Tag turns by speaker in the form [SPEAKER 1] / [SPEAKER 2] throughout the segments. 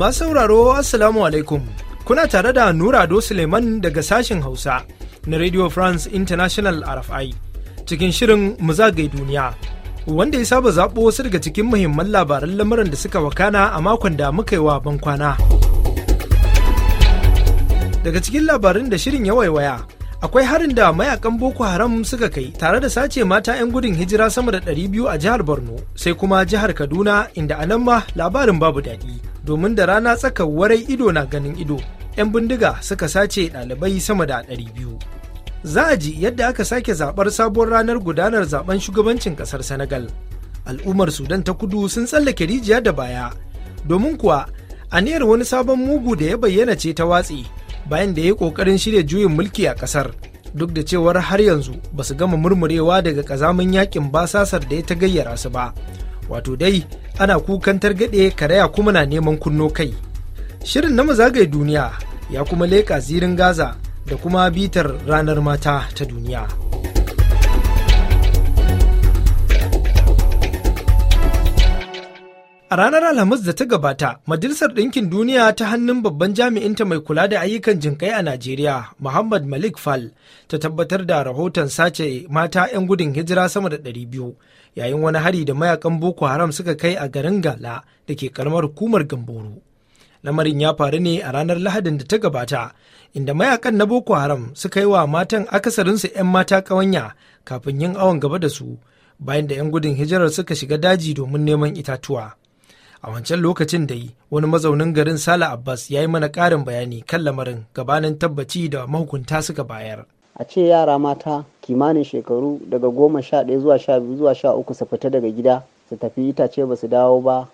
[SPEAKER 1] Masu sauraro Assalamu alaikum. Kuna tare da Nura do Suleiman daga sashen Hausa na Radio France International RFI cikin shirin mu zagaye duniya. Wanda ya saba zaɓo wasu daga cikin muhimman labaran lamuran da suka wakana a makon da muka yi wa bankwana. Daga cikin labarin da shirin ya waiwaya, akwai harin da mayakan Boko Haram suka kai tare da sace mata 'yan gudun hijira sama da 200 a jihar Borno, sai kuma jihar Kaduna inda a nan ma labarin babu daɗi. domin da rana tsaka warai ido na ganin ido 'yan bindiga suka sace ɗalibai sama da 200 za a ji yadda aka sake zaɓar sabuwar ranar gudanar zaɓen shugabancin ƙasar senegal al'ummar sudan ta kudu sun tsallake rijiya da baya domin kuwa aniyar wani sabon mugu da ya bayyana ce ta watsi bayan da ya yi ƙoƙarin shirya juyin mulki a ƙasar duk da cewar har yanzu ba su gama murmurewa daga ƙazamin yaƙin basasar da ya ta gayyara su ba wato dai ana kukan targaɗe karaya kuma na neman kunno kai shirin na mazagai duniya ya kuma leƙa zirin gaza da kuma bitar ranar mata ta duniya. A ranar Alhamis da ta gabata, Majalisar Ɗinkin Duniya ta hannun babban jami'inta mai kula da ayyukan jinƙai a Najeriya, Muhammad Malik Fal, ta tabbatar da rahoton sace mata 'yan gudun hijira sama da 200 yayin wani hari da mayakan Boko Haram suka kai a garin Gala da ke karamar hukumar Gamboro. Lamarin ya faru ne a ranar Lahadin da ta gabata, inda mayakan na Boko Haram suka yi wa matan akasarinsu 'yan mata ƙawanya kafin yin awon gaba da su, bayan da 'yan gudun hijirar suka shiga daji domin neman itatuwa. a wancan lokacin da yi wani mazaunin garin sala abbas ya yi mana ƙarin bayani kan lamarin gabanin tabbaci da mahukunta suka bayar
[SPEAKER 2] a ce yara mata kimanin shekaru daga goma sha daya zuwa sha biyu zuwa sha uku su fita daga gida su tafi itace ba su dawo ba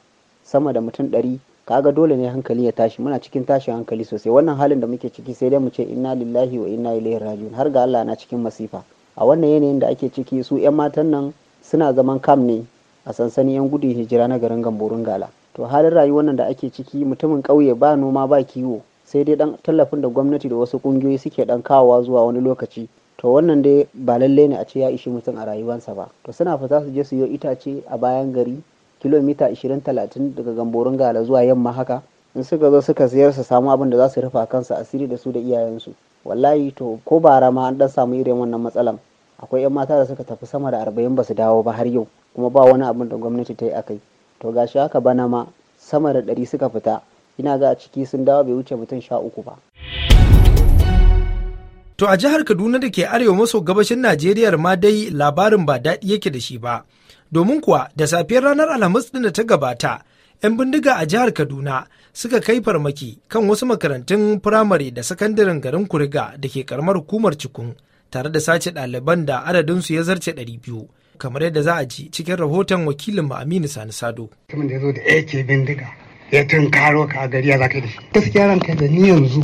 [SPEAKER 2] sama da mutum ɗari kaga dole ne hankali ya tashi muna cikin tashin hankali sosai wannan halin da muke ciki sai dai mu ce inna lillahi wa inna ilaihi rajiun har ga Allah na cikin masifa a wannan yanayin da ake ciki su 'yan matan nan suna zaman kam ne a sansanin 'yan gudun hijira na garin gamborun gala to halin rayuwar nan da ake ciki mutumin ƙauye ba noma ba kiwo sai dai dan tallafin da gwamnati da wasu kungiyoyi suke dan kawowa zuwa wani lokaci to wannan dai ba lalle ne a ce ya ishi mutum a rayuwarsa ba to suna fita su je su yi itace a bayan gari kilomita 20-30 daga gamborin gala zuwa yamma haka in suka zo suka siyar su samu abin da za su rufa kansu asiri da su da iyayensu wallahi to ko bara ma an dan samu irin wannan matsalan akwai 'yan mata da suka tafi sama da arba'in ba su dawo ba har yau kuma ba wani abin da gwamnati ta yi a kai to ga shi haka bana ma sama da ɗari suka fita ina ga a ciki sun dawo bai wuce mutum sha uku ba.
[SPEAKER 1] To a jihar Kaduna da ke arewa maso gabashin Najeriya ma dai labarin ba daɗi yake da shi ba. Domin kuwa da safiyar ranar Alhamis ɗin da ta gabata, 'yan bindiga a jihar Kaduna suka kai farmaki kan wasu makarantun firamare da sakandaren garin Kuriga da ke karamar hukumar Cikun tare da sace ɗaliban da adadinsu ya zarce 200. kamar yadda za a ji cikin rahoton wakilin Aminu Sani Sado. Mutumin da ya zo da AK bindiga ya tunkaro ka a gari ya za da shi.
[SPEAKER 3] Gaskiya ranka da ni yanzu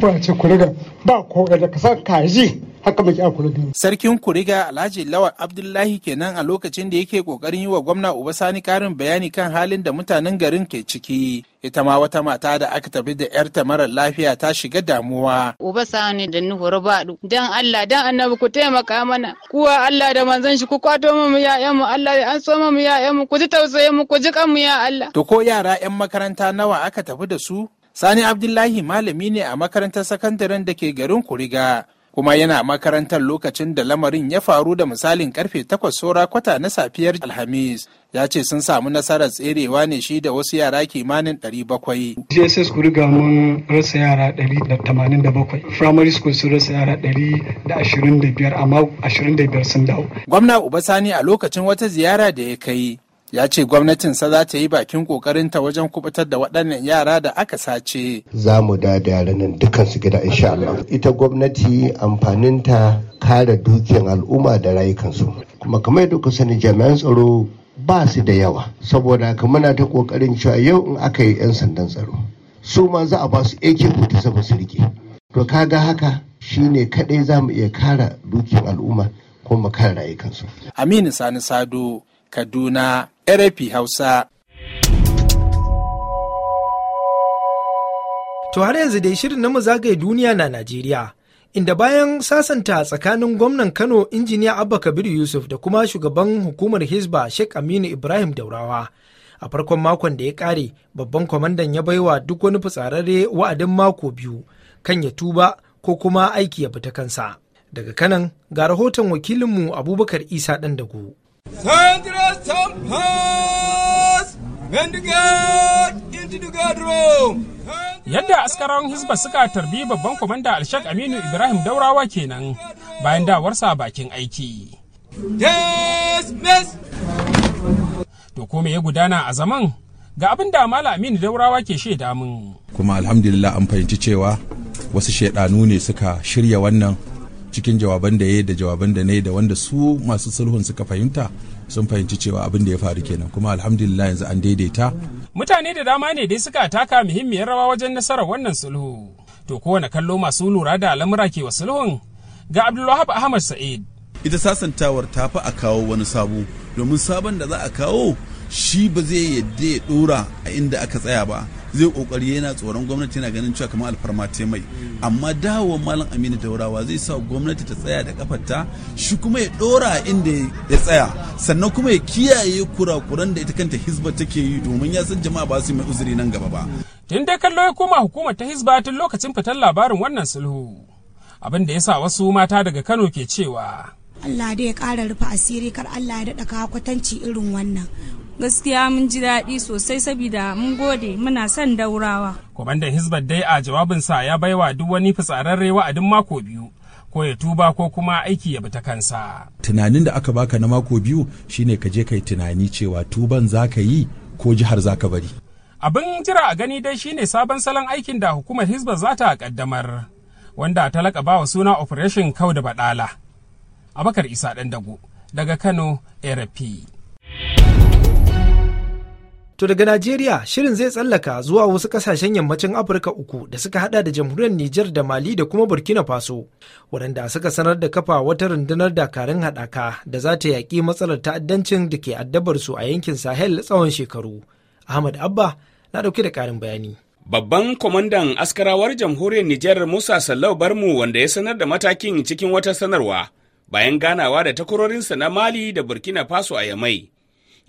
[SPEAKER 3] ba ce kuriga ba ko da ka san kaji
[SPEAKER 4] haka muke a kula da
[SPEAKER 5] sarkin kuriga alhaji lawal abdullahi kenan a lokacin da yake kokarin yi wa gwamna obasani karin bayani kan halin da mutanen garin ke ciki ita ma wata mata da aka tafi da yarta mara lafiya ta shiga damuwa.
[SPEAKER 2] Uba sani da ni baɗu. Dan Allah dan annabi ku taimaka mana. Kuwa Allah da manzon shi ku kwato mu ya'yan mu Allah ya an so mu ya'yan mu ku ji tausayin mu ku ji kan mu ya Allah.
[SPEAKER 5] To ko yara 'yan makaranta nawa aka tafi da su? Sani Abdullahi malami ne a makarantar sakandaren da ke garin Kuriga. kuma yana makarantar lokacin da lamarin ya faru da misalin karfe takwas saura kwata na safiyar alhamis ya ce sun samu nasarar tserewa ne shi da wasu yara kimanin 700.
[SPEAKER 4] jss ku riga mun rasa yara 187 primary school sun rasa yara 125 amma 25 sun dawo
[SPEAKER 5] gwamna uba sani a lokacin wata ziyara da ya kai ya ce gwamnatinsa za ta yi bakin kokarinta wajen kubutar da waɗannan yara da aka
[SPEAKER 3] sace. Za mu da yaran nan dukkan su gida insha Allah. Ita gwamnati amfanin ta kare dukiyar al'umma da rayukansu. Kuma kamar yadda ku sani jami'an tsaro ba su da yawa. Saboda haka muna ta kokarin cewa yau in aka yi 'yan sandan tsaro. Su ma za a ba su AK-47 su rike. To kaga haka shine kaɗai za mu iya kare dukiyar al'umma. kuma kan rayukansu.
[SPEAKER 5] Aminu Sani Sado Kaduna,
[SPEAKER 1] RFI Hausa. To har yanzu dai shirin na zagaye duniya na Najeriya, inda bayan sasanta tsakanin gwamnan Kano injiniya Abba Kabir Yusuf da kuma shugaban hukumar Hizba Sheikh Aminu Ibrahim Daurawa. A farkon makon da ya kare babban kwamandan ya baiwa duk wani fitsararre wa'adin mako biyu kan ya tuba ko kuma aiki ya fita kansa. Daga kanan ga rahoton wakilinmu Abubakar Isa Dandago.
[SPEAKER 4] Yadda askarawan Hizba suka tarbi babban kwamanda Alshak Aminu Ibrahim Daurawa kenan bayan dawarsa bakin aiki. To kome ya gudana a zaman ga abin da Mala Aminu Daurawa ke shaida min.
[SPEAKER 5] Kuma alhamdulillah an fahimci cewa wasu shaidanu ne suka shirya wannan cikin jawaban da ya da jawaban da ne da wanda su masu sulhun suka fahimta sun fahimci cewa abin da ya faru kenan kuma alhamdulillah yanzu an daidaita
[SPEAKER 4] mutane da dama ne dai suka taka muhimmiyar rawa wajen nasarar wannan sulhu to kowane kallo masu lura da al'amura ke wa sulhun ga abdulwahab ahmad sa'id
[SPEAKER 5] ita sasantawar ta fi a kawo wani sabo domin sabon da za a kawo shi ba zai yadda ya dora a inda aka tsaya ba zai kokari yana tsoron gwamnati yana ganin cewa kamar alfarma ta mai amma dawo malam aminu daurawa zai sa gwamnati ta tsaya da kafarta shi kuma ya dora inda ya tsaya sannan kuma ya kiyaye
[SPEAKER 4] kurakuran da ita kanta hizba take yi domin ya san jama'a ba su mai uzuri nan gaba ba tun dai kallo ya koma hukumar ta hizba tun lokacin fitar labarin wannan sulhu abin da ya sa wasu mata daga kano ke cewa
[SPEAKER 6] Allah dai ya kara rufe asiri kar Allah ya daɗa kawo kwatanci irin wannan gaskiya mun ji daɗi sosai saboda mun gode muna son daurawa
[SPEAKER 4] kwamandan hizbar dai a jawabinsa ya baiwa duk wani fitsararre wa'adin mako biyu ko ya tuba ko kuma aiki ya bi ta kansa
[SPEAKER 5] tunanin da aka baka na mako biyu shine ka je kai tunani cewa tuban za ka yi ko jihar za ka bari
[SPEAKER 4] abin jira a gani dai shine sabon salon aikin da hukumar hizba za ta kaddamar wanda ta laƙaba wa suna operation kau da badala abakar isa dago daga kano rp
[SPEAKER 1] To daga Najeriya shirin zai tsallaka zuwa wasu kasashen yammacin Afirka uku da suka hada da jamhuriyar Nijar da Mali da kuma Burkina Faso, waɗanda suka sanar da kafa wata rundunar dakarun haɗaka da za ta yaƙi matsalar ta'addancin da ke addabar su a yankin Sahel tsawon shekaru. Ahmad Abba na ɗauke da ƙarin bayani. Babban
[SPEAKER 3] kwamandan askarawar jamhuriyar Nijar Musa Sallau Barmu wanda ya sanar da matakin cikin wata sanarwa bayan ganawa da takwarorinsa na Mali da Burkina Faso a Yamai.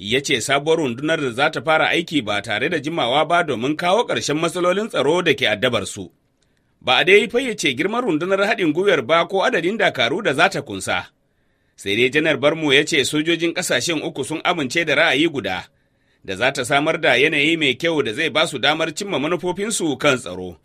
[SPEAKER 3] ya ce sabuwar rundunar da za ta fara aiki ba tare da jimawa ba domin kawo ƙarshen matsalolin tsaro da ke addabarsu. Ba a dai fayyace girman rundunar haɗin gwiwar ba ko adadin dakaru da za ta kunsa. Sai dai Janar Barmo ya ce sojojin ƙasashen uku sun amince da ra'ayi guda, da za ta samar da yanayi mai kyau da zai ba su damar cimma manufofinsu kan tsaro.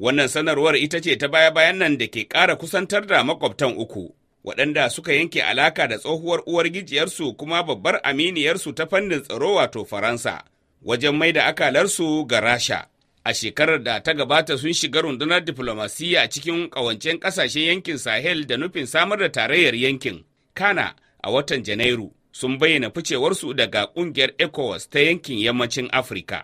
[SPEAKER 3] Wannan sanarwar ita ce ta baya-bayan nan da ke ƙara kusantar da makwabtan uku. waɗanda suka yanke alaka da tsohuwar uwargijiyarsu kuma babbar aminiyarsu ta fannin tsaro wato Faransa, wajen mai da akalarsu ga Rasha. A shekarar da ta gabata sun shiga rundunar diflomasiyya cikin ƙawancen ƙasashen yankin Sahel da nufin samar da tarayyar yankin. Kana a watan Janairu sun bayyana ficewarsu daga ƙungiyar ECOWAS ta yankin yammacin Afirka.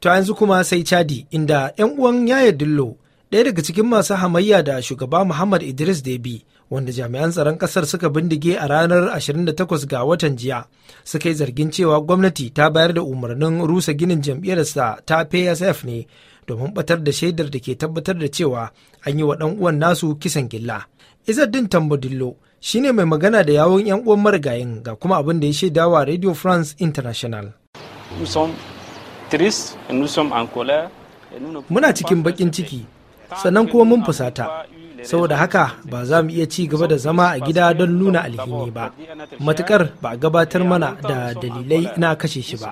[SPEAKER 1] To yanzu kuma sai Chadi inda 'yan uwan Yaya Dillo ɗaya daga cikin masu hamayya da shugaba Muhammad Idris Debi wanda jami'an tsaron ƙasar suka bindige a ranar 28 ga watan jiya suka yi zargin cewa gwamnati ta bayar da umarnin rusa ginin jam'iyyarsa ta PSF ne domin batar da shaidar da ke tabbatar da cewa an yi wa ɗan uwan nasu kisan gilla. Izzaddin Tambadillo shine mai magana da yawon 'yan uwan marigayin ga kuma abin da ya shaida wa Radio France International. Muna cikin bakin ciki sannan kuma mun fusata saboda haka ba za mu iya ci gaba da zama a gida don nuna alhini ba matukar ba a gabatar mana da dalilai na kashe shi ba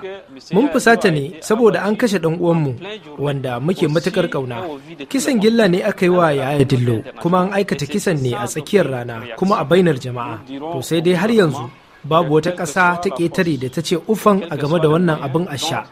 [SPEAKER 1] mun fusata ne saboda an kashe dan uwanmu wanda muke matukar ƙauna. kisan gilla ne aka yi wa yaya dillo kuma an aikata kisan ne a tsakiyar rana kuma a bainar jama'a to sai dai har yanzu babu wata ƙasa ta ƙetare da ta ce ufan a game da wannan abin a sha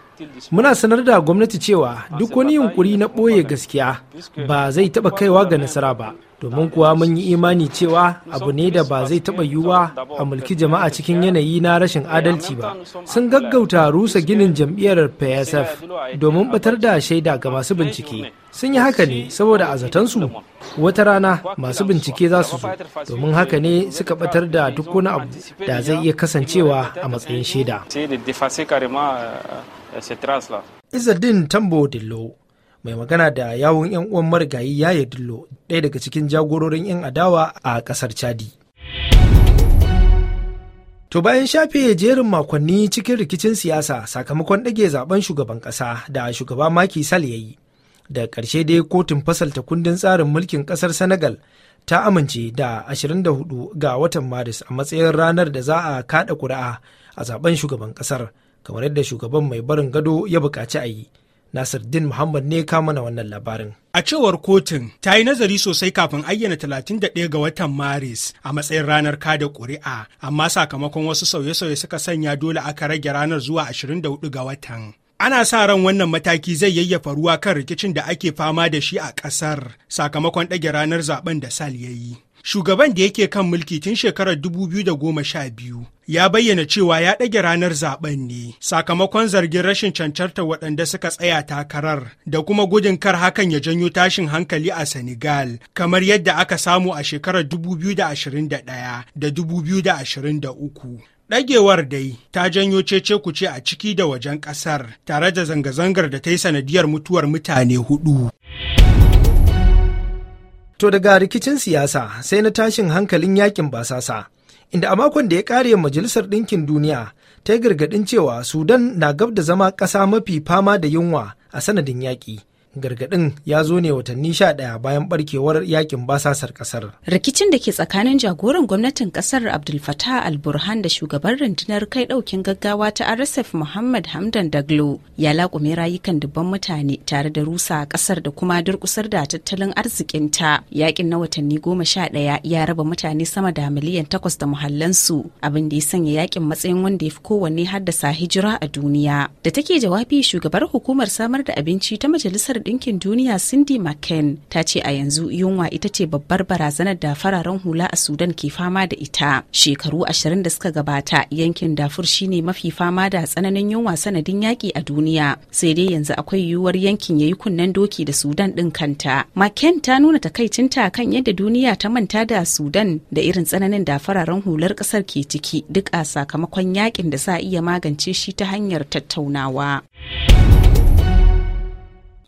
[SPEAKER 1] muna sanar da gwamnati cewa duk wani yunkuri na ɓoye gaskiya ba zai taɓa kaiwa ga nasara ba domin kuwa mun yi imani cewa abu ne da ba zai taɓa yiwuwa a mulki jama'a cikin yanayi na rashin adalci ba sun gaggauta rusa ginin jam'iyyar psf domin batar da shaida ga masu bincike sun yi haka ne saboda a zatansu wata rana masu bincike za su zo domin haka ne suka batar da duk wani abu da zai iya kasancewa a matsayin shaida.
[SPEAKER 4] Euh,
[SPEAKER 1] Izzaddin Tambo Dillo mai magana da yawon 'yan uwan marigayi ya yi dillo ɗaya daga cikin jagororin 'yan adawa a ƙasar chadi To bayan shafe jerin makonni cikin rikicin siyasa sakamakon ɗage zaben shugaban ƙasa da shugaba Maki Sall ya yi, da ƙarshe dai kotun fasalta kundin tsarin mulkin ƙasar Senegal ta amince da 24 ga watan Maris a matsayin ranar da za a kaɗa ƙuri'a a zaben shugaban ƙasar, kamar yadda shugaban mai barin gado ya buƙaci a yi. Nasiruddin Muhammad ne kama na wannan labarin. A cewar kotun ta yi nazari sosai kafin
[SPEAKER 5] ayyana 31 ga watan Maris a matsayin ranar kada ƙuri'a, amma sakamakon wasu sauye-sauye suka sanya dole aka rage ranar zuwa 24 ga watan. Ana sa ran wannan mataki zai yayyafa ruwa kan rikicin da ake fama da shi a ƙasar sakamakon ɗage ranar zaben da Sal ya yi. Shugaban da yake kan mulki tun shekarar 2012 ya bayyana cewa ya ɗage ranar zaben ne sakamakon zargin rashin cancantar waɗanda suka tsaya takarar da kuma gudun kar hakan ya janyo tashin hankali a Senegal kamar yadda aka samu a shekarar 2021 da 2023. Ɗagewar dai ta janyo cece ce a ciki da wajen ƙasar tare da zanga-zangar da ta
[SPEAKER 1] yi sanadiyar mutuwar mutane hudu. To daga rikicin siyasa sai na tashin hankalin yakin basasa, inda a makon da ya kare Majalisar Ɗinkin Duniya ta yi gargaɗin cewa Sudan na gab da zama ƙasa mafi fama da yunwa a sanadin yaƙi. gargadin ya zo ne watanni sha ɗaya bayan barkewar yakin basasar kasar.
[SPEAKER 6] Rikicin da ke tsakanin jagoran gwamnatin kasar Abdul fatah al-Burhan da shugaban rundunar kai ɗaukin gaggawa ta RSF Muhammad Hamdan Daglo ya laƙume rayukan dubban mutane tare da rusa a kasar da kuma durƙusar da tattalin arzikin ta Yakin na watanni goma sha ɗaya ya raba mutane sama da miliyan takwas da muhallansu abin da ya sanya yakin matsayin wanda ya fi kowanne haddasa hijira a duniya. Da take jawabi shugabar hukumar samar da abinci ta majalisar ɗinkin duniya cindy mccain ta ce a yanzu yunwa ita ce babbar barazanar da fararen hula a sudan ke fama da ita shekaru ashirin da suka gabata yankin dafur shine mafi fama da tsananin yunwa sanadin yaƙi a duniya sai dai yanzu akwai yiwuwar yankin ya yi kunnen doki da sudan ɗin kanta mccain ta nuna takaicinta kan yadda duniya ta manta da sudan da irin tsananin da fararen hular ƙasar ke ciki duk a sakamakon yaƙin da sa iya magance shi ta hanyar tattaunawa.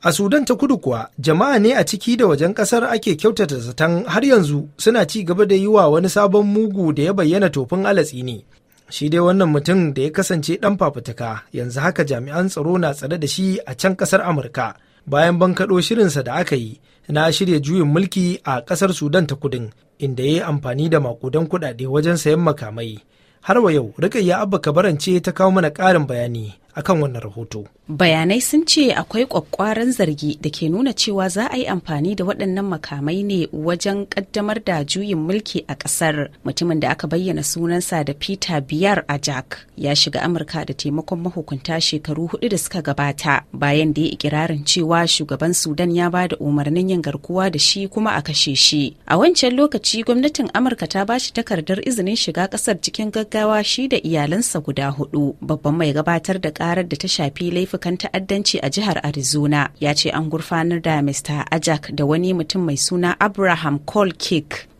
[SPEAKER 1] A Sudan ta kudu kuwa jama'a ne a ciki da wajen kasar ake kyautata zaton har yanzu suna ci gaba da yi wa wani sabon mugu da ya bayyana tofin alatsi ne. Shi dai wannan mutum da ya kasance ɗan fafutuka yanzu haka jami'an tsaro na tsare da shi a can kasar Amurka bayan bankaɗo shirinsa da aka yi na shirya juyin mulki a kasar Sudan ta kudin inda ya yi amfani da makudan kuɗaɗe wajen sayan makamai. Har wa yau, Rikayya Abba Kabaran ce ta kawo mana ƙarin bayani. akan wannan rahoto.
[SPEAKER 6] Bayanai sun ce akwai kwakwaran zargi da ke nuna cewa za a yi amfani da waɗannan makamai ne wajen ƙaddamar da juyin mulki a ƙasar. Mutumin da aka bayyana sunansa da Peter Biyar a Jack ya shiga Amurka da taimakon mahukunta shekaru hudu da suka gabata bayan da ya ikirarin cewa shugaban Sudan ya ba da umarnin yin garkuwa da shi kuma a kashe shi. A wancan lokaci gwamnatin Amurka ta ba shi takardar izinin shiga ƙasar cikin gaggawa shi da iyalansa guda hudu. Babban mai gabatar da karar da ta shafi laifukan ta'addanci a jihar Arizona ya ce an gurfanar da Mr. Ajak da wani mutum mai suna Abraham Cole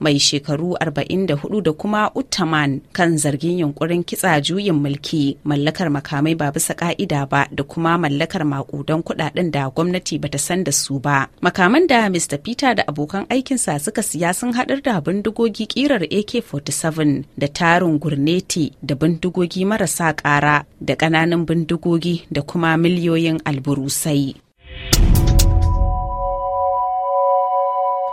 [SPEAKER 6] mai shekaru 44 da kuma Uttaman kan zargin yunkurin kitsa juyin mulki mallakar makamai ba bisa ka'ida ba da kuma mallakar makudan kudaden da gwamnati bata san da su ba. Makaman da Mr. Peter da abokan aikinsa suka siya sun haɗar da bindigogi kirar AK-47 da tarin gurneti da bindigogi marasa ƙara da ƙananan bindigogi da kuma miliyoyin alburusai.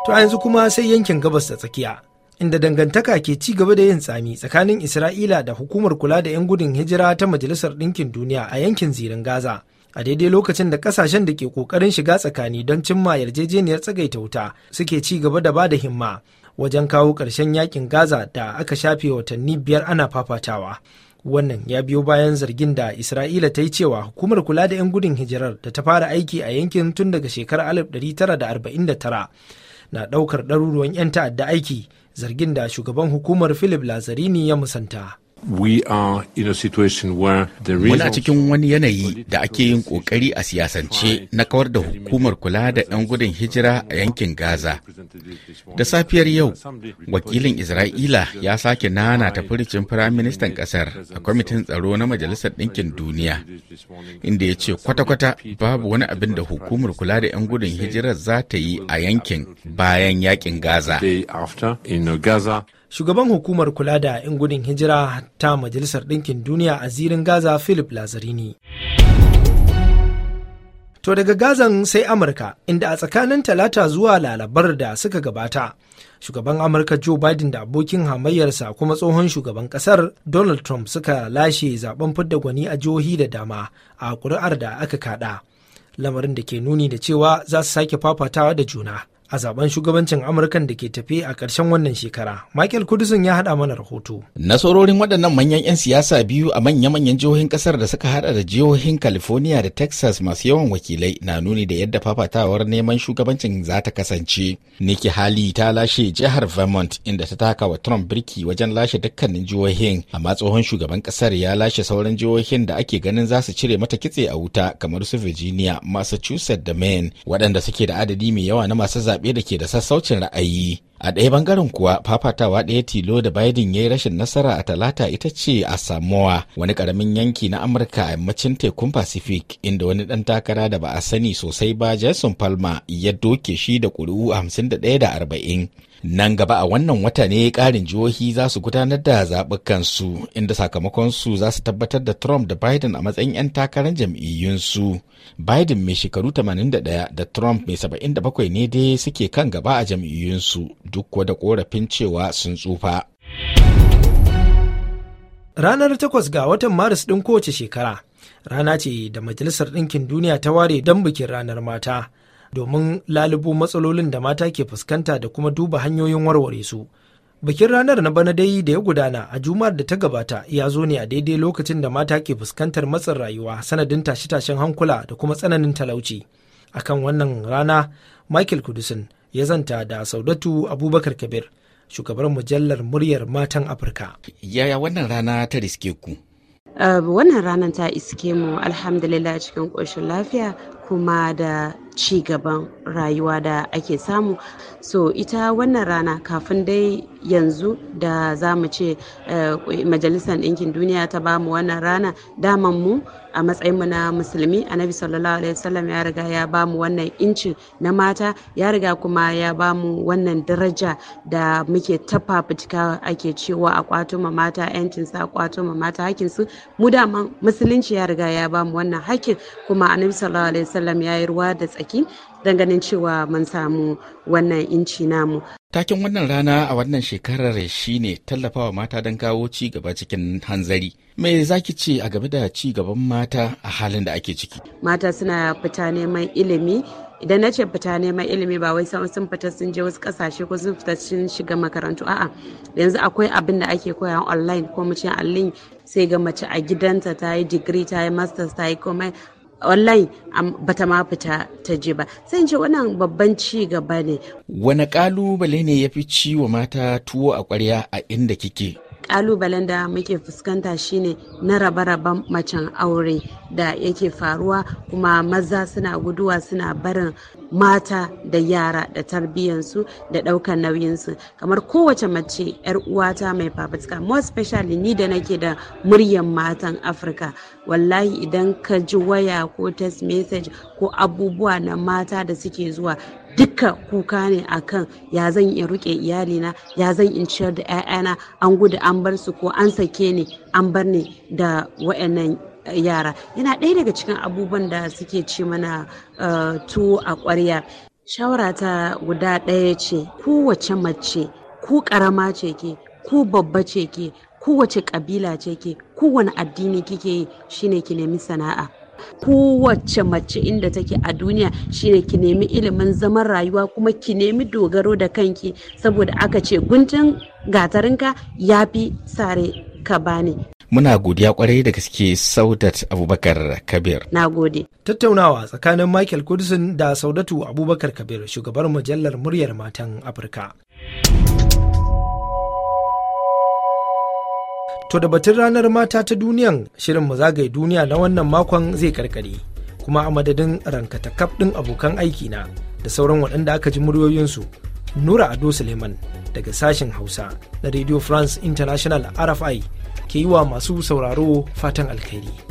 [SPEAKER 1] To yanzu kuma sai yankin gabas da tsakiya, inda dangantaka ke ci gaba da yin tsami tsakanin Isra'ila da hukumar kula da 'yan gudun hijira ta Majalisar Ɗinkin Duniya a yankin zirin Gaza. A daidai lokacin da kasashen da ke kokarin shiga tsakani don cimma yarjejeniyar tsagaita wuta suke ci gaba da bada himma wajen kawo karshen yakin Gaza da aka shafe watanni biyar ana fafatawa. wannan ya biyo bayan zargin da isra'ila ta yi cewa hukumar kula da 'yan gudun hijirar da ta fara aiki a yankin tun daga shekarar 1949 na ɗaukar ɗaruruwan 'yan ta'adda aiki zargin da shugaban hukumar philip lazarini ya musanta
[SPEAKER 7] Muna cikin wani yanayi da ake yin ƙoƙari a siyasance na kawar da hukumar kula da 'yan gudun hijira a yankin Gaza. Da safiyar yau, wakilin Isra'ila ya sake nana ta furicin firaministan ƙasar a kwamitin tsaro na Majalisar Ɗinkin Duniya, inda ya ce kwata-kwata babu wani abin da hukumar kula da 'yan gudun hijira za ta yi a yankin bayan yakin Gaza.
[SPEAKER 1] shugaban hukumar kula da 'yan gudun hijira ta majalisar ɗinkin duniya a zirin gaza philip lazarini to daga gazan sai amurka inda a tsakanin talata zuwa lalabar da suka gabata shugaban amurka joe biden da abokin hamayyarsa kuma tsohon shugaban kasar donald trump suka lashe zaben fidda gwani a jihohi da dama a kuri'ar da aka kada lamarin da ke nuni da cewa za su sake fafatawa da juna a zaben shugabancin amurkan da ke tafe a ƙarshen wannan shekara michael kudusun ya haɗa mana rahoto
[SPEAKER 7] nasarorin waɗannan manyan 'yan siyasa biyu a manya-manyan jihohin ƙasar da suka haɗa da jihohin california da texas masu yawan wakilai na nuni da yadda fafatawar neman shugabancin za ta kasance nikki hali ta lashe jihar vermont inda ta taka wa trump birki wajen lashe dukkanin jihohin amma tsohon shugaban ƙasar ya lashe sauran jihohin da ake ganin za su cire mata kitse a wuta kamar su virginia massachusetts da maine waɗanda suke da adadi mai yawa na masu zaɓe zaɓe da ke da sassaucin ra'ayi A ɗaya bangaren kuwa fafatawa ɗaya tilo da Biden ya yi rashin nasara a talata ita ce a Samoa wani ƙaramin yanki na Amurka a yammacin tekun Pacific inda wani ɗan takara da ba a sani sosai ba Jason Palmer ya doke shi da ƙuri'u hamsin da ɗaya arba'in. Nan gaba a wannan wata ne ƙarin jihohi za su gudanar da zaɓukansu inda sakamakonsu za su tabbatar da Trump da Biden a matsayin 'yan takarar jam'iyyunsu. Biden mai shekaru 81 da Trump mai 77 ne dai suke kan gaba a jam'iyyunsu. duk wada korafin cewa sun tsufa. Ranar
[SPEAKER 1] takwas ga watan Maris ɗin kowace shekara rana ce da Majalisar Ɗinkin Duniya ta ware don bikin ranar mata domin lalubo matsalolin da mata ke fuskanta da kuma duba hanyoyin warware su. Bikin ranar na bana dai da ya gudana a juma'ar da ta gabata ya zo ne a daidai lokacin da mata ke fuskantar matsin rayuwa sanadin tashe-tashen hankula da kuma tsananin talauci. Akan wannan rana, Michael Kudusin, ya zanta da saudatu abubakar kabir shugabar mujallar muryar matan afirka
[SPEAKER 7] yaya wannan rana ta riske ku
[SPEAKER 8] uh, wannan ranar ta iske mu alhamdulillah cikin ƙoshin lafiya kuma da ci gaban rayuwa da ake samu so ita wannan rana kafin dai yanzu da za mu ce eh, majalisar ɗinkin duniya ta ba mu wannan rana daman mu a matsayinmu na musulmi annabi sallallahu alaihi wasallam ya riga ya ba mu wannan inci na mata ya riga kuma ya ba mu wannan daraja da muke tafa fitika ake cewa a kwato ma mata yancin a kwato ma mata hakkin su mu daman musulunci ya riga ya ba mu wannan hakkin kuma annabi sallallahu alaihi wasallam ya yi ruwa da tsaki ganin cewa mun samu wannan inci namu takin
[SPEAKER 7] wannan rana a wannan shekarar shine tallafawa mata don kawo ci gaba cikin hanzari. Me zaki ce a game da ci gaban mata a halin da ake ciki?
[SPEAKER 8] Mata suna fita neman ilimi idan na ce fita neman ilimi ba wai sun fita sun je wasu kasashe ko sun fita sun shiga makarantu a'a yanzu akwai abin da ake koya online ko mu ce allin sai ga mace a gidanta ta yi digiri ta yi masters ta yi komai online bata ma fita ta je ba sai ce wannan babban ci gaba ne wani kalubale ne ya fi ciwo mata tuwo a kwarya a inda kike kalubalen da muke fuskanta shine na rabe-raben macen aure da yake faruwa kuma maza suna guduwa suna barin mata da yara da tarbiyyansu da ɗaukar nauyinsu kamar kowace mace 'yar uwata mai fafutuka more especially ni da nake da muryan matan afirka wallahi idan ka ji waya ko text message ko abubuwa na mata da suke zuwa duka kuka ne akan ya zan in rike iyalina ya zan in ciyar da 'ya'yana an gudu an bar su ko an sake ni an bar ni da waɗannan. yara yana ɗaya daga cikin abubuwan da suke ce mana eh, tuwo a ƙwarya shawara guda ɗaya ce kowace mace ku ƙarama ce ke ku babba ce ke kowace ƙabila ce ke kowane addini kike yi shine ki nemi sana'a kowace mace inda take a duniya shine ki nemi ilimin zaman rayuwa kuma ki nemi dogaro da kanki saboda aka ce guntun gatarinka ya fi sare ka bani
[SPEAKER 7] Muna godiya kwarai da gaske Saudat Abubakar Kabir.
[SPEAKER 8] Na gode. Tattaunawa tsakanin
[SPEAKER 1] Michael Kudusin da Saudatu Abubakar Kabir shugabar mujallar muryar matan Afirka. To da batun ranar mata ta duniyan shirin mu zagaye duniya na wannan makon zai karkare kuma a madadin rankatakaf kaf ɗin abokan aiki na da sauran waɗanda aka ji muryoyinsu Nura Ado Suleiman daga sashen Hausa na Radio France International RFI ke yi wa masu sauraro fatan alkhairi.